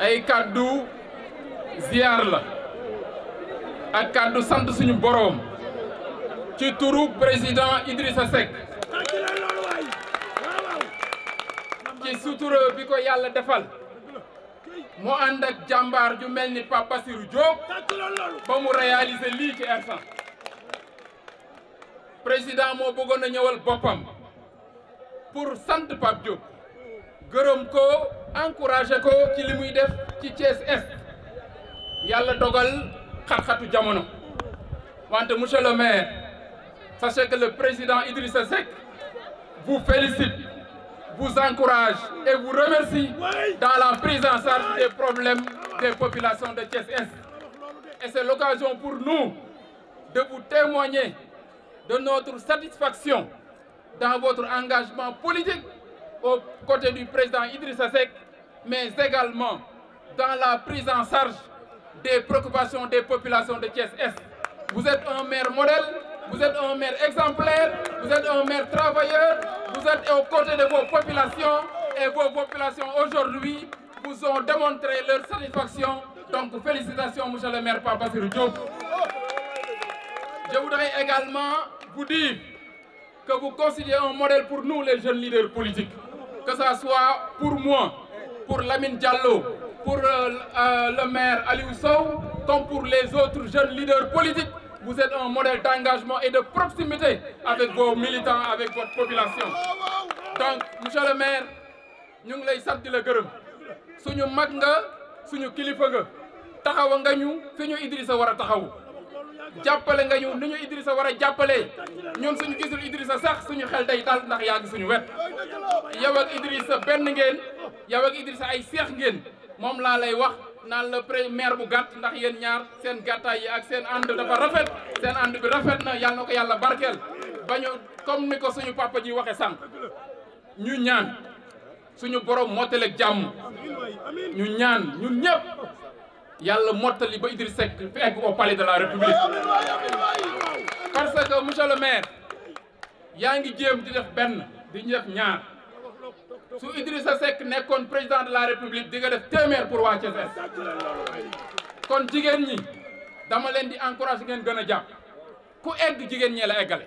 ay kàddu ziyaar la ak kàddu sant suñu boroom ci turu président Idrissa Seck ci sutura bi ko yàlla defal mu ànd ak jàmbaar ju mel ni Pape Bassirou Diop ba mu réaliser lii ci Hersent président moo bëggoon a ñëwal boppam pour sant Pape Diop gërëm ko encouragé ko ci li muy def ci Thiès Est yàlla dogal xat-xatu wante monsieur le maire sachez que le président Idrissa Seck vous félicite vous encourage et vous remercie dans la prise en charge des problèmes des populations de Thiès Est et c'est l'occasion pour nous de vous témoigner de notre satisfaction dans votre engagement politique aux côtés du président Idrissa Seck, mais également dans la prise en charge des préoccupations des populations de Thiès-Est. Vous êtes un maire modèle, vous êtes un maire exemplaire, vous êtes un maire travailleur, vous êtes aux côtés de vos populations et vos populations aujourd'hui vous ont démontré leur satisfaction. Donc félicitations, monsieur le maire Papa Diop. Je voudrais également vous dire que vous considérez un modèle pour nous, les jeunes leaders politiques. que ça soit pour moi, pour Lamine Diallo, pour euh, euh, le maire Aliou Sow, comme pour les autres jeunes leaders politiques, vous êtes un modèle d'engagement et de proximité avec vos militants, avec votre population. Donc, monsieur le maire, ñu ngi lay sant di la gërëm suñu mag nga suñu kilifa nga taxawa nga ñu fi ñu Idrissa war a taxawu jàppale nga ñu ni ñu Idrissa war a jàppalee ñun suñu gisul Idrissa sax suñu xel day dal ndax yaa ngi suñu wet yow ak Idrissa benn ngeen yow ak Idrissa ay seex ngeen moom laa lay wax naan la maire bu gàtt ndax yéen ñaar seen gàttaay yi ak seen ànd dafa rafet seen ànd bi rafet na yàlla na ko yàlla barkeel ba ñu comme ni ko suñu papa ji waxe sànq ñu ñaan suñu borom mottaleeg jàmm ñu ñaan ñun ñëpp yàlla mottali ba Idriss Seck fi egg au palais de la république parce que monsieur le maire yaa ngi jéem di def benn di def ñaar su Idrissa Seck nekkoon président de la république di nga def téeméer pour waa Thiès kon jigéen ñi dama leen di encouragé ngeen gën a jàpp ku egg jigéen ñee la eggale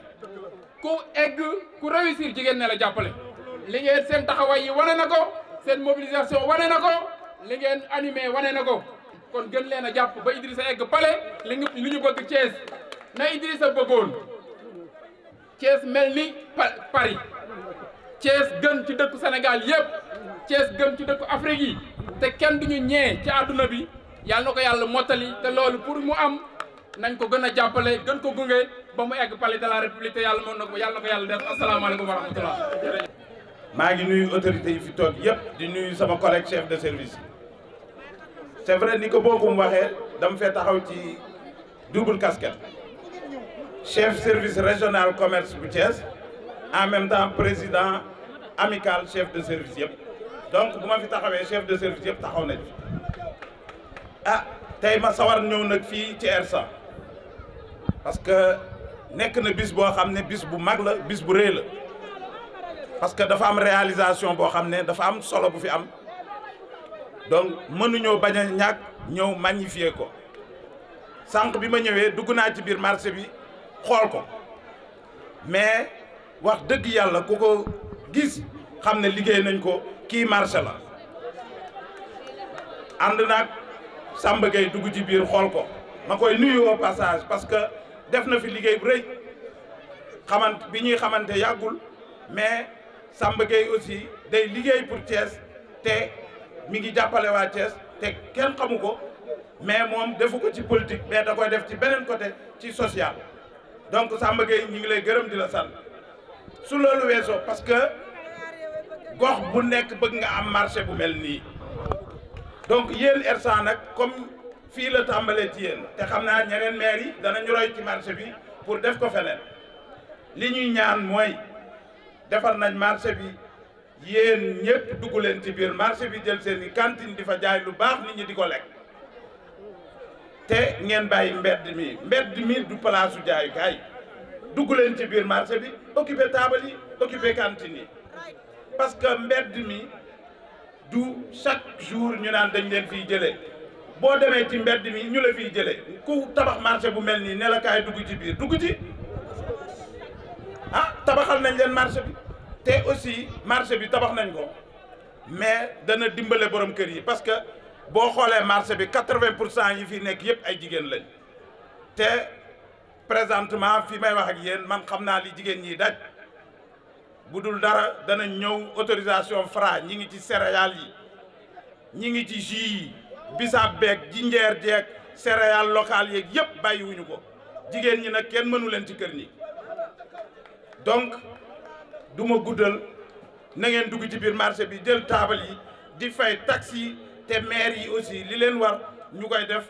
ku egg ku réussir jigéen ne la jàppale li ngeen seen taxawaay yi wane na ko seen mobilisation wane na ko li ngeen animé wane na ko kon gën leen a jàpp ba Idrissa egg palais li ñu li ñu bëgg Thiès na Idrissa bëggoon Thiès mel ni Paris cees gën ci dëkk senegal yépp cees gën ci dëkku Afrique yi te kenn du duñu ñee ci àdduna bi yàlla na ko yàlla mottali te loolu pour mu am nañ ko gën a jàppale gën ko gunge ba mu egg palais de la te yàlla moom na ko yàlla na ko yàlla def asalaamaaleykum wa rahmatullah maa ngi nuyu autorités yi fi toog yépp di nuyu sama collègue chef de service c'est vrai ni ko bookum waxee dama fee taxaw ci double kasket chef service régional commerce bu Thiès en même temps président amical chef de service yëpp donc bu ma fi taxawee chef de service yëpp taxaw nañ ah tey ma sawar ñëw nag fii ci Hersent parce que nekk na bis boo xam ne bis bu mag la bis bu rëy la parce que dafa am réalisation boo xam ne dafa am solo bu fi am donc mënuñoo bañ a ñàkk ñëw magnifier ko sànq bi ma ñëwee dugg naa ci biir marché bi xool ko mais wax dëgg yàlla ko ko gis xam ne liggéey nañ ko kii marché la ànd nag Samba Gueye dugg ci biir xool ko ma koy nuyu au passage parce que def na fi liggéey bu rëy bi ñuy xamante yàggul mais Samba Gueye aussi day liggéey pour Thiès te mi ngi jàppale waa Thiès te kenn xamu ko mais moom defu ko ci politique mais da koy def ci beneen côté ci social donc Samba Gueye ñu ngi lay gërëm di la sant su loolu weesoo parce que gox bu nekk bëgg nga am marché bu mel nii donc yéen Hersent nag comme fii la tàmbalee ci yéen te xam naa ñeneen maire yi danañu roy ci marché bi pour def ko feneen li ñuy ñaan mooy defar nañ marché bi yéen ñëpp dugg leen ci biir marché bi jël seen i cantine di fa jaay lu baax nit ñi di ko lekk te ngeen bàyyi mbedd mi mbedd mi du palaasu jaayukaay dugg leen ci biir marché bi occupé taabal yi occupé cantine yi parce que mbedd mi du chaque jour ñu naan dañ leen fiy jëlee boo demee ci mbedd mi ñu la fiy jëlee ku tabax marché bu mel nii ne la kaay dugg ci biir dugg ci ah tabaxal nañ leen marché bi. te aussi marché bi tabax nañ ko mais dana dimbale borom kër yi parce que boo xoolee marché bi quatre-vingt pour cent yi fi nekk yëpp ay jigéen lañ te présentement fi may wax ak yéen man xam naa li jigéen ñi daj bu dul dara dana ñëw autorisation Fra ñi ngi ci céréales yi ñi ngi ci jus yi bisaab beeg jinjeer jeeg céréales locales yeeg yëpp bàyyiwuñu ko jigéen ñi nag kenn mënu leen ci kër ñi donc du ma guddal na ngeen dugg ci biir marché bi jël taabal yi di fay taxi yi te maire yi aussi li leen war ñu koy def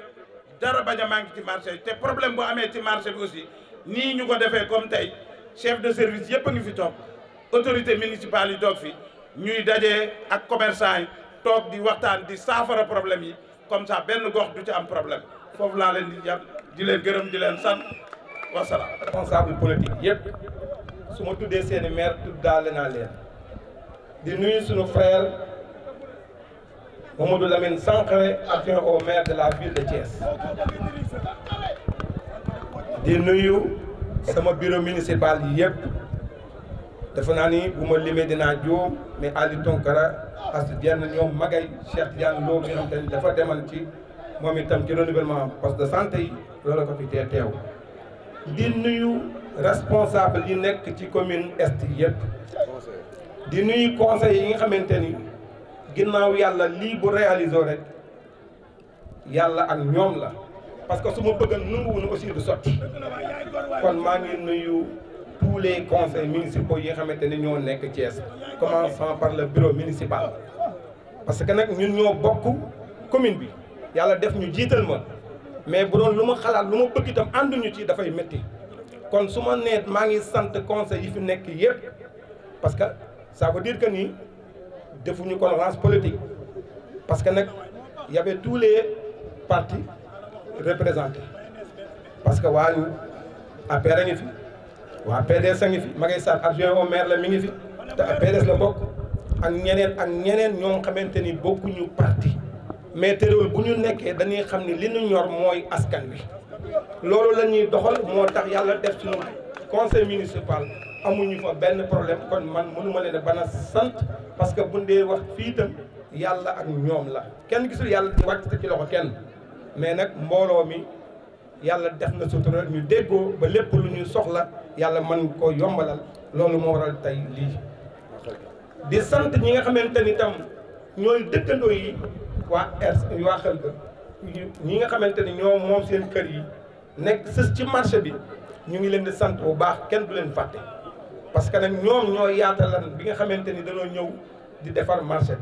dara bañ a manqué ci marché bi te problème bu amee ci marché bi aussi nii ñu ko defee comme tey chef de service yëpp a fi toog autorité municipale yi toog fi ñuy dajee ak commerçant yi toog di waxtaan di saafara problème yi comme ça benn gox du ci am problème foofu laa leen di jàpp di leen gërëm di leen sant wasalaam responsable politique yëpp su ma tuddee seeni maire tuddaale naa leen di nuyu suñu frère Mamadou Lamine Sankhare adjoint au maire de la ville de Thiès di nuyu sama bureau municipal yi yëpp dafa naa ni bu ma limee dinaa juum mais Ali Tonkara Astou Diène ñoom Magay Cheikh Diane Lo bi nga xam te dafa demal ci moom itam ci renouvellement poste de santé yi loolu ko fi tee teew di nuyu responsable yi nekk ci commune est yëpp di nuyu conseil yi nga xamante ni ginnaaw yàlla lii bu réalisé rek yàlla ak ñoom la parce que su ma bëgg a nanguwuñu aussi du sotti kon maa ngi nuyu tous les conseils municipaux yi nga xamante ni ñoo nekk Thiès commençant par le bureau municipal parce que nag ñun ñoo bokk commune bi yàlla def ñu jiital ma mais bu doon lu ma xalaat lu ma bëgg itam ànduñu ci dafay métti kon su ma neet maa ngi sant conseil yi fi nekk yépp parce que ça veut dire que nii defuñu conférence politique parce que nag y avait tous les partis représentés parce que waa APR a ngi fi waa PDS a ngi fi Maguette Sarr adjoint au maire la mi ngi fi te des la bokk ak ñeneen ak ñeneen ñoo xamante ni bokkuñu parti mais terewul bu ñu nekkee dañuy xam ni li ñu ñor mooy askan wi. loolu la ñuy doxal moo tax yàlla def suñu conseil municipal amuñu fa benn problème kon man mënuma leen a ban sant parce que bu dee wax fii itam yàlla ak ñoom la kenn gisul yàlla di wàcc ci loxo kenn mais nag mbooloo mi yàlla def na sutura ñu déggoo ba lépp lu ñu soxla yàlla mën ko yombalal loolu moo waral tey lii di sant ñi nga xamante ni tam ñooy dëkkandoo yi waa er waa xel ga ñi nga xamante ni ñoo moom seen kër yi nekk sës ci marché bi ñu ngi leen di sant bu baax kenn du leen fàtte parce que nag ñoom ñoo yaatalan bi nga xamante ni dañoo ñëw di defar marché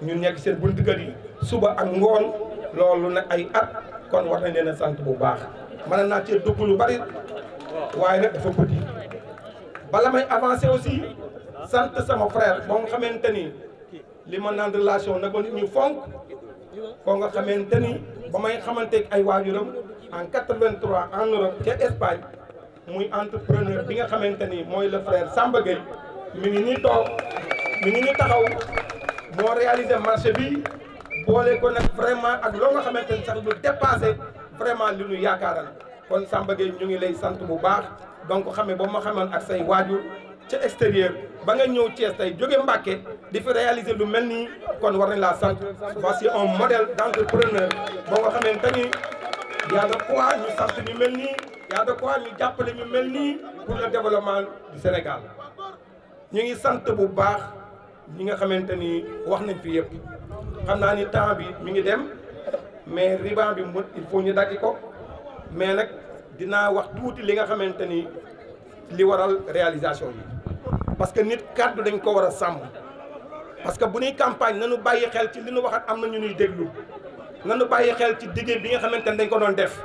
bi ñu nekk seen buntu yi suba ak ngoon loolu nag ay at kon war nañ leen a sant bu baax mën naa cee dugg lu bari waaye nag dafa petit bala may avancer aussi sant sama frère boo nga xamante ni li ma naan relation na ko nit ñu fonk koo nga xamante ni ba may xamante ay waajuram en 83 en Europe ca Espagne muy entrepreneur bi nga xamante ni mooy le frère Samba Gueye mi ngi ñuy toog mi ngi ñu taxaw moo réalisé marché bi boole ko nag ak loo nga xamante ni sax lu dépassé vraiment li ñu yaakaaral kon Samba Gueye ñu ngi lay sant bu baax donc xame ba ma xamoon ak say waajur ca extérieur ba nga ñëw Thiès tey jóge Mbàkke di fi réaliser lu mel nii kon war nañ laa sant voici un modèle d' entrepreneur boo nga xamante yaa de quoi ñu sant ñu mel nii yaa ko quoi ñu jàppale ñu mel nii pour le développement du Sénégal ñu ngi sant bu baax ñi nga xamante ni wax nañ fi yëpp xam naa ni temps bi ñu ngi dem mais riban bi mu il faut ñu daggi ko mais nag dinaa wax tuuti li nga xamante ni li waral réalisation yi parce que nit kàddu dañ ko war a sàmm parce que bu ñuy campagne nañu bàyyi xel ci li ñu waxat am na ñu ñuy déglu nanu bàyyi xel ci diggéey bi nga xamante ni dañ ko doon def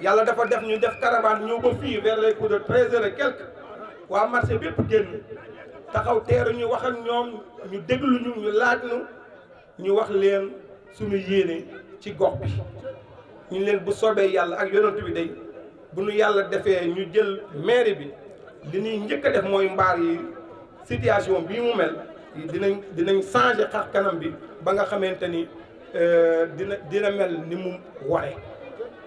yàlla dafa def ñu def caravane ñëw ko fii vers les coups de treize waa marché bépp génn taxaw teeru ñu wax ak ñoom ñu déglu ñu ñu laaj nu ñu wax leen suñu yéene ci gox bi ñu leen bu soobee yàlla ak yonent bi day bu nu yàlla defee ñu jël mairie bi li ñuy njëkk a def mooy mbaar yi situation bii mu mel dinañ dinañ changer xar kanam bi ba nga xamante ni Euh, dina dina mel ni mu waree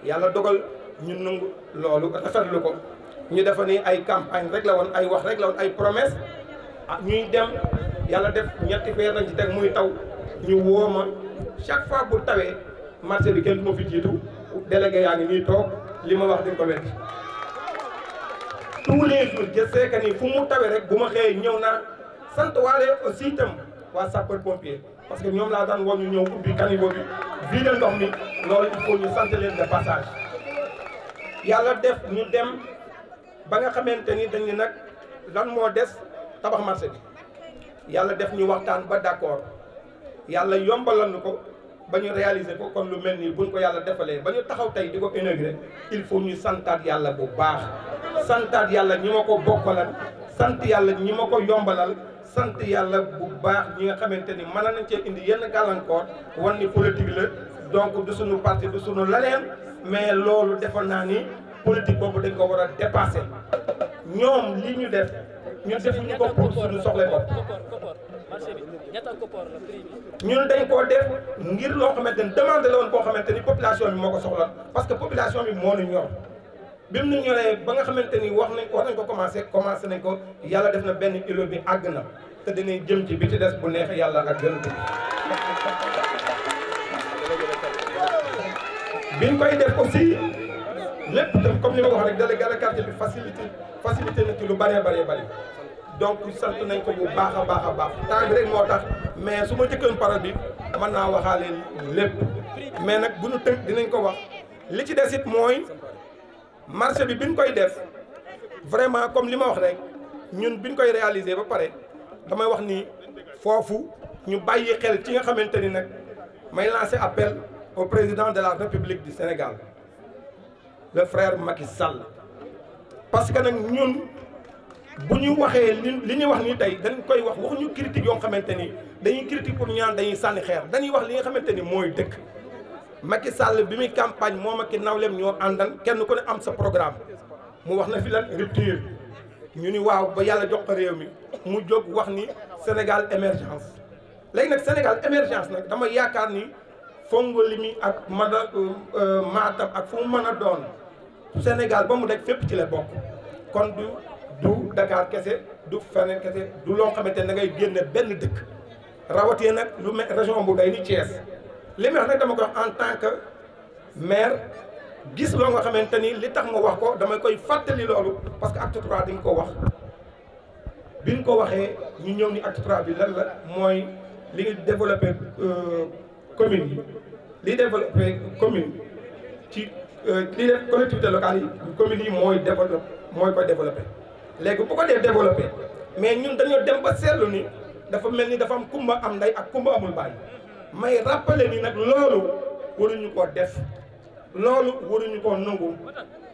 yàlla dogal ñu nangu loolu rafetlu ko ñu defa ni ay campagne rek la woon ay wax rek la woon ay promesse ah ñuy dem yàlla def ñetti weer nañ ci teg muy taw ñu woo ma chaque fois bu tawe marché bi kenn du ma fi jiitu délégué yaa ngi nii toog li ma wax di ko wet tous les jours je sais que ni fu mu tawee rek bu ma xëyee ñëw naa sant waale aussi itam waa sapeur pompier parce que ñoom laa daan woon ñu ñëw ubbi caniveau bi vidé ndox mi loolu il faut ñu sant leen de passage yàlla def ñu dem ba nga xamante ni dañ ne nag lan moo des tabax marché bi yàlla def ñu waxtaan ba d'accord yàlla yombalal ñu ko ba ñu réaliser ko kon lu mel nii buñ ko yàlla defalee ba ñu taxaw tey di ko inauguré il faut ñu santaat yàlla bu baax santaat yàlla ñu ma ko bokkalan sant yàlla ñi ma ko yombalal sant yàlla bu baax ñi nga xamante ni mën nañ cee indi yenn gàllankoor wan ni politique la donc du sunu parti du sunu leneen mais loolu defoon naa ni politique boobu dañ ko war a dépasser ñoom li ñu def ñun defuñu ko pour suñu soxla bopp ñun dañ koo def ngir loo xamante ni demande la woon koo xamante ni population bi moo ko soxla parce que population bi moo ñu ñor bi mu ñoree ba nga xamante ni wax nañ ko wax nañ ko commencé commencé nañ ko yàlla def na benn ilo bi àgg na te dinañ jëm ci bi ci des bu neex yàlla ak gën ko biñ koy def aussi lépp dem comme ni ma ko wax rek délégué de quartier bi facilité facilité na ci lu bëree bëree bëri donc sant nañ ko bu baax a baax a baax temps bi rek moo tax mais su ma jëkkoon parole bi mën naa waxaale lépp mais nag bu ñu tënk dinañ ko wax li ci des it mooy marché bi biñ koy def vraiment comme li ma wax rek ñun bi biñ koy réaliser ba pare damay wax ni foofu ñu bàyyi xel ci nga xamante ni nag may lancer appel au président de la République di Sénégal le frère Macky sàll parce que nag ñun bu ñu waxee li li ñuy wax ni tey dañ koy wax waxuñu critique yoo xamante ni dañuy critique pour ñaan dañuy sànni xeer dañuy wax li nga xamante ni mooy dëkk Macky Sall bi muy campagne moom ak i nawleem ñoo àndan kenn ku ne am sa programme mu wax na fi lan rupture ñu ni waaw ba yàlla jox ko réew mi mu jóg wax ni Sénégal émergence léegi nag Sénégal émergence nag dama yaakaar ni Fongolimi ak Mada euh, euh, Matam ak fu mu mën a doon Sénégal ba mu daj fépp ci la bokk kon du du Dakar kese du feneen kese du loo xamante ne da ngay génne benn dëkk rawatee nag lu mel région bu day ni Thiès. li muy wax nag dama ko en tant que maire gis loo nga xamante ni li tax ma wax ko dama koy fàttali loolu parce que acte trois dañ ko wax biñ ko waxee ñu ñëw ni acte trois bi lan la mooy li ngi développé euh, commune yi li développé commune ci euh, li def collectivité locale yi commune yi mooy développé mooy koy développé léegi bu ko dee développé mais ñun dañoo dem ba seetlu ni dafa mel ni dafa am kumba am ndey ak kumba amul baay may rappelé ni nag loolu waruñu ko des loolu waruñu ko nangu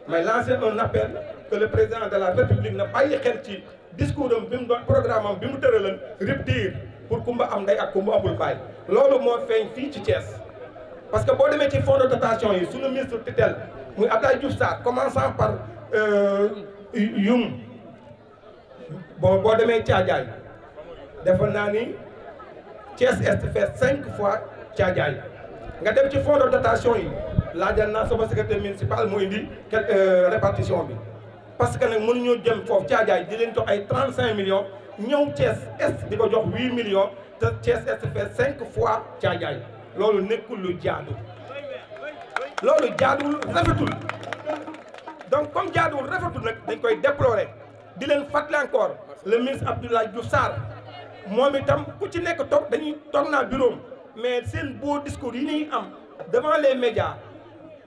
may lancé un appel que le président de la république na bàyyi xel ci discours am bi mu doon programme bi mu tëralan rupture pour kumba am ndey ak kumba amul baay loolu moo feeñ fii ci cees parce que boo demee ci fonds de dotation yi suñu ministre tutelle muy Abdoulaye Diouf Sarr commençant par euh, yum bon boo demee Thiadiaye defe naa ni Thiès Est fait cinq fois Thiadiaye nga dem ci fonds de dotation yi laajal naa sama secrétaire municipal mu indi euh, répartition bi parce que nag mënuñu jëm foofu yi di leen jox ay trente cinq millions ñëw Thiès Est di ko jox huit millions te Thiès Est fait cinq fois Thiadiaye loolu nekkul lu jaadu loolu jaaduwul rafetul donc comme jaaduwul rafetul nag dañ koy déplorer di leen fàttali encore le ministre Abdoulaye Diouf Sarr moom itam ku ci nekk toog dañuy toog naa bureau mais seen boo discours yi ñuy am devant les médias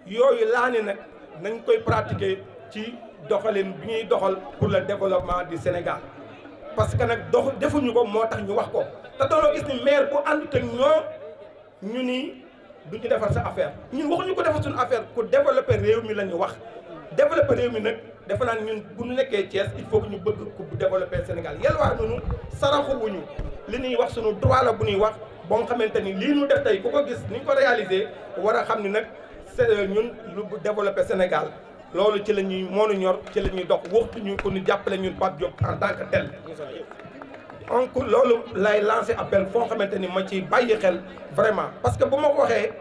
yooyu laa ne nag nañ koy pratiquer ci doxalin bi ñuy doxal pour la développement du Sénégal parce que nag dox defuñu ko moo tax ñu wax ko te doonoo gis ni maire bu ànd te ñoo ñu ni duñ ci defar sa affaire ñun waxuñu ko defar suñu affaire ku développer réew mi la ñu wax développer réew mi nag. dafa naan ñun bu ñu nekkee Thiès il faut que ñu bëgg ku développé Sénégal yalwaar nañu saraxu wuñu li ñuy wax suñu droit la bu ñuy wax ba nga xamante ni lii ñu def tey ku ko gis ni ñu ko réalisé war a xam ni nag euh, ñun lu développé Sénégal loolu ci la ñuy moonu ñor ci la ñuy dox waxtu ñu ko nu jàppale ñun Pape Diop en tant que tel. donc loolu lay lancé appel foo xamante ni ma ci bàyyi xel vraiment parce que bu ma ko waxee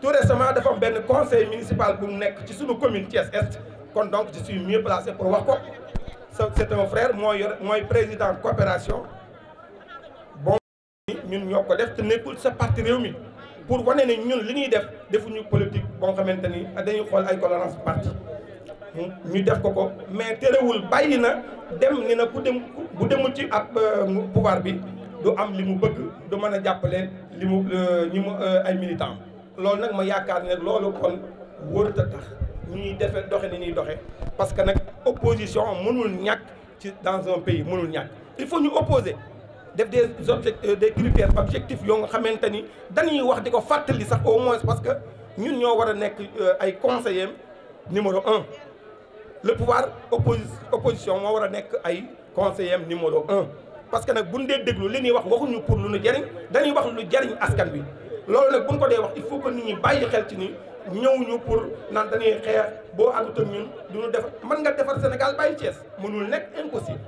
tout récemment dafa benn conseil municipal bu nekk ci suñu commune Thiès Est. kon donc je suis mieux placé pour wax ko c'est un frère mooy mooy président coopération bon ñun ñoo ko def te nekkul sa parti réew mi pour wane ne ñun li ñuy def defuñu politique boo xamante ni dañuy xool ay colorance parti ñu def ko ko mais terewul bàyyi na dem ni na ku dem bu demul ci ab euh, pouvoir bi du am li mu bëgg du mën a jàppale li mu euh, ñi mu euh, ay militant loolu nag ma yaakaar ne loolu kon wóorut tax ñuy defe doxe ni ñuy doxe parce que nag opposition mënul ñàkk ci dans un pays mënul ñàkk il faut ñu opposer def des objectifs euh, des critères objectifs yoo nga xamante ni dañuy wax di ko fàttali sax au moins parce que ñun ñoo war a nekk euh, ay conseillers numéro un le pouvoir opposi opposition moo war a nekk ay conseillers numéro un parce que nag buñ dee déglu li ñuy wax waxuñu pour lu ñu jariñ dañuy wax lu jariñ askan bi loolu nag buñ ko dee wax il faut que nit ñi ñëwuñu pour naan dañuy xeex boo àndut ñun du ñu defar mën nga defar Sénégal bàyyi cees mënul nekk impossible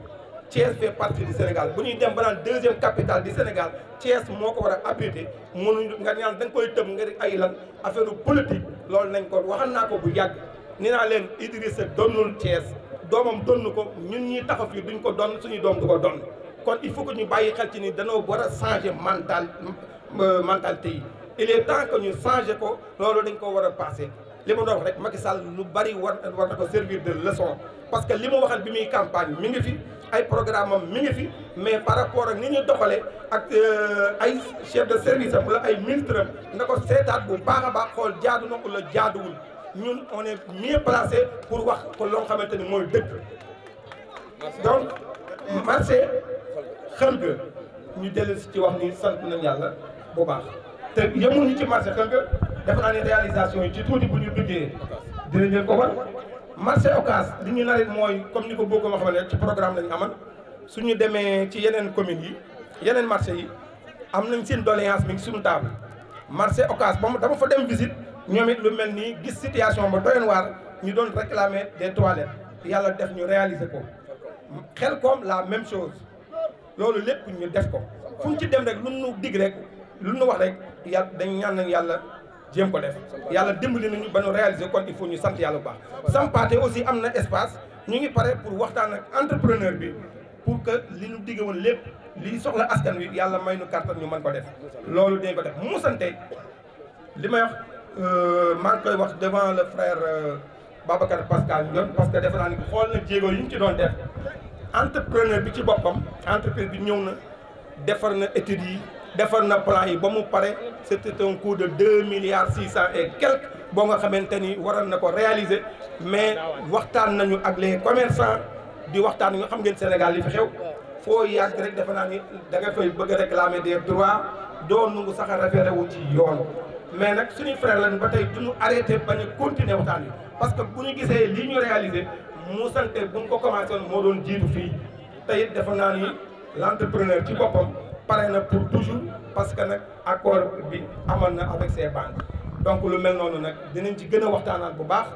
Thiès fait partie du Sénégal bu ñuy dem ba naan deuxième capitale du Sénégal Thiès moo ko war a abrité mënuñu nga naan da nga koy tëb nga ay lan affaire politique loolu nañ ko waxan naa ko bu yàgg nee naa leen Idrissa donnul Thiès doomam donn ko ñun ñuy taxaw fii duñ ko donn suñu doom du ko donn kon il faut que ñu bàyyi xel ci ni danoo war a changer mental euh, mentalité yi il est temps que ñu changé ko loolu dañ ko war a passé li ma doon rek Macky Sall lu bari war war na ko servir de leçon parce que li mu waxal bi muy campagne mi ngi fi ay programme am mi ngi fi mais par rapport ak ni ñu doxalee ak euh, ay chef de service am la ay ministre am ko seetaat bu baax a baax xool jaadu na wala jaaduwul ñun on est mieux pour wax ko loo xamante ni mooy dëgg donc marché xel ga ñu dellu si ci wax ni sant nañ yàlla bu baax te yemuñu ci marché Kër ga def naa réalisation yi ci tuuti bu ñu duggee dinañ leen ko wan. marché Ocass li ñu narit mooy comme ni ko bëgg ma xamal rek ci programme lañu amal suñu demee ci yeneen communes yi yeneen marché yi am nañ seen doléance mi ngi suñu table marché Ocass ba mu dama fa dem visite ñoom it lu mel nii gis situation ba doyen waar ñu doon réclamer des toilettes yàlla def ñu réaliser ko xel koom la même chose loolu lépp ñu def ko fu ci dem rek lu nu wax rek yàlla dañ ñaan nañ yàlla jéem ko def yàlla dimbali nañu ba ñu réaliser kon il faut ñu sant yàlla bu baax Sampaate aussi am na espace ñu ngi pare pour waxtaan ak entrepreneur bi pour que li ñu digge woon lépp li soxla askan wi yàlla may nu kàttan ñu mën ko def loolu dañ ko def mu sante li may wax euh, maa ngi koy wax devant le frère euh, Babacar Pascal Ndione parce que defe naa ni xool na jéego yi ñu ci doon def entrepreneur bi ci boppam entreprise bi ñëw na defar na études yi defar na plan yi ba mu pare c'était un coût de deux milliards six cent et quelques boo nga xamante ni waroon na ko réaliser mais waxtaan nañu ak les commerçants di waxtaan nga xam ngeen Sénégal li fi xew foo yàgg rek defe naa ni da nga fay bëgg a réclamer des droits doo nungu sax a référé wu ci yoon mais nag suñu frère lañ ba tey duñu arrêté bañ a continuer waxtaan yi parce que bu ñu gisee lii ñu réalisé mu sante bu ñu ko commencé woon moo doon jiitu fii tey it naa ni l' entrepreneur ci boppam pare na pour toujours parce que nag accord bi amoon na avec ces banques donc lu mel noonu nag dinañ ci gën a waxtaanaat bu baax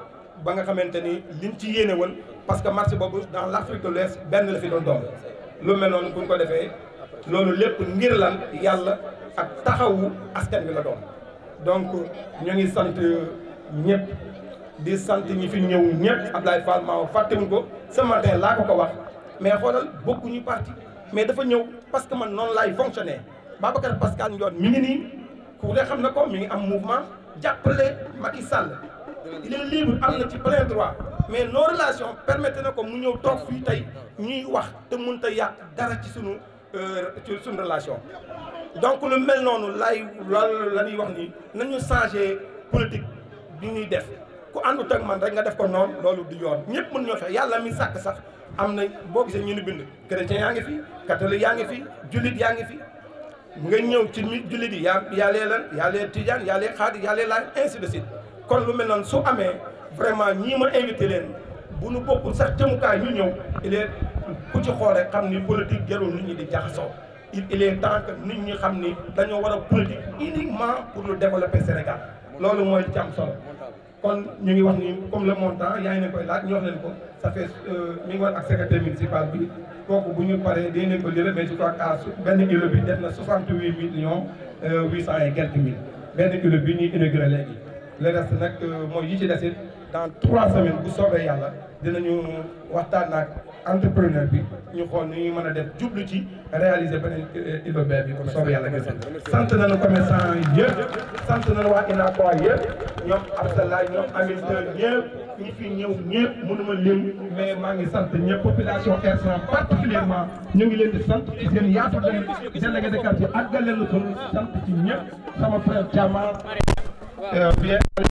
ba nga xamante ni liñ ci yéene woon parce que marché boobu dans l' Afrique de benn la fi doon doon lu mel noonu buñ ko defee loolu lépp ngir lan yàlla ak taxawu askan bi la doon donc ñu ngi sant ñëpp di sant ñi fi ñëw ñëpp Abdoulaye Fall maa fàttewuñ ko ce matin laa ko ko wax mais xoolal bokkuñu parti mais dafa ñëw parce que man noonu laay fonctionner Babacar Pascal Ndione mi ngi nii ku ne xam na ko mi ngi am mouvement jàppale Macky Sall il est libre am na ci plein droit mais nos relations permettre na ko mu ñëw toog fii tey ñuy wax te mun ta yàq dara ci sunu euh, ci sunu relation donc lu mel noonu lay loolu la ñuy wax nii nañu changer politique bi ñuy def ku àndut ak man rek nga def ko noonu loolu di yoon ñëpp mën ñoo fex yàlla mi sàkk sax am na boo gisee ñu ni bind chrétien yaa ngi fi catholique yaa ngi fi jullit yaa ngi fi nga ñëw ci mi jullit yi yaa yaa lee lan yaa lee tijaan yaa lee xaadir yaa lee laaj ainsi de suite kon lu mel noonu su amee vraiment ñii ma invité leen bu nu bokkul sax jëmukaay ñu ñëw il est ku ci xoolee xam ni politique jarul nit ñi di jaxasoo il est temps que nit ñi xam ni dañoo war a politique uniquement pour le développer Sénégal loolu mooy ci kon ñu ngi wax ni comme le montant yaa ngi leen koy laaj ñu wax leen ko ça fait euh, mi ngi woon ak secrétaire municipal bi kooku bu ñu paree dañ leen ko jëlee mais je crois que benn kilo bi def na 68 millions 800 euh, et quelques mille benn kilo bi ñuy inauguré léegi. le reste nag euh, mooy yi ci desit dans trois semaines bu soobee yàlla dinañu waxtaan ak. entrepreneur bi ñu xool ni ñuy mën a def jublu ci réaliser beneen Île euh, Robert bi comme soobu yàlla gis sant nañu commerçant yëpp sant nañu waa UNACOIS yëpp ñoom Abdoulaye ñoom Aminata ñëpp ñi fi ñëw ñëpp mënuma lim mais maa ngi sant ñëpp population Hersent particulièrement ñu ngi leen di sant ci seen yaatu leen délégué de quartier àggal leen sant ci ñëpp sama frère Thiamar euh, bien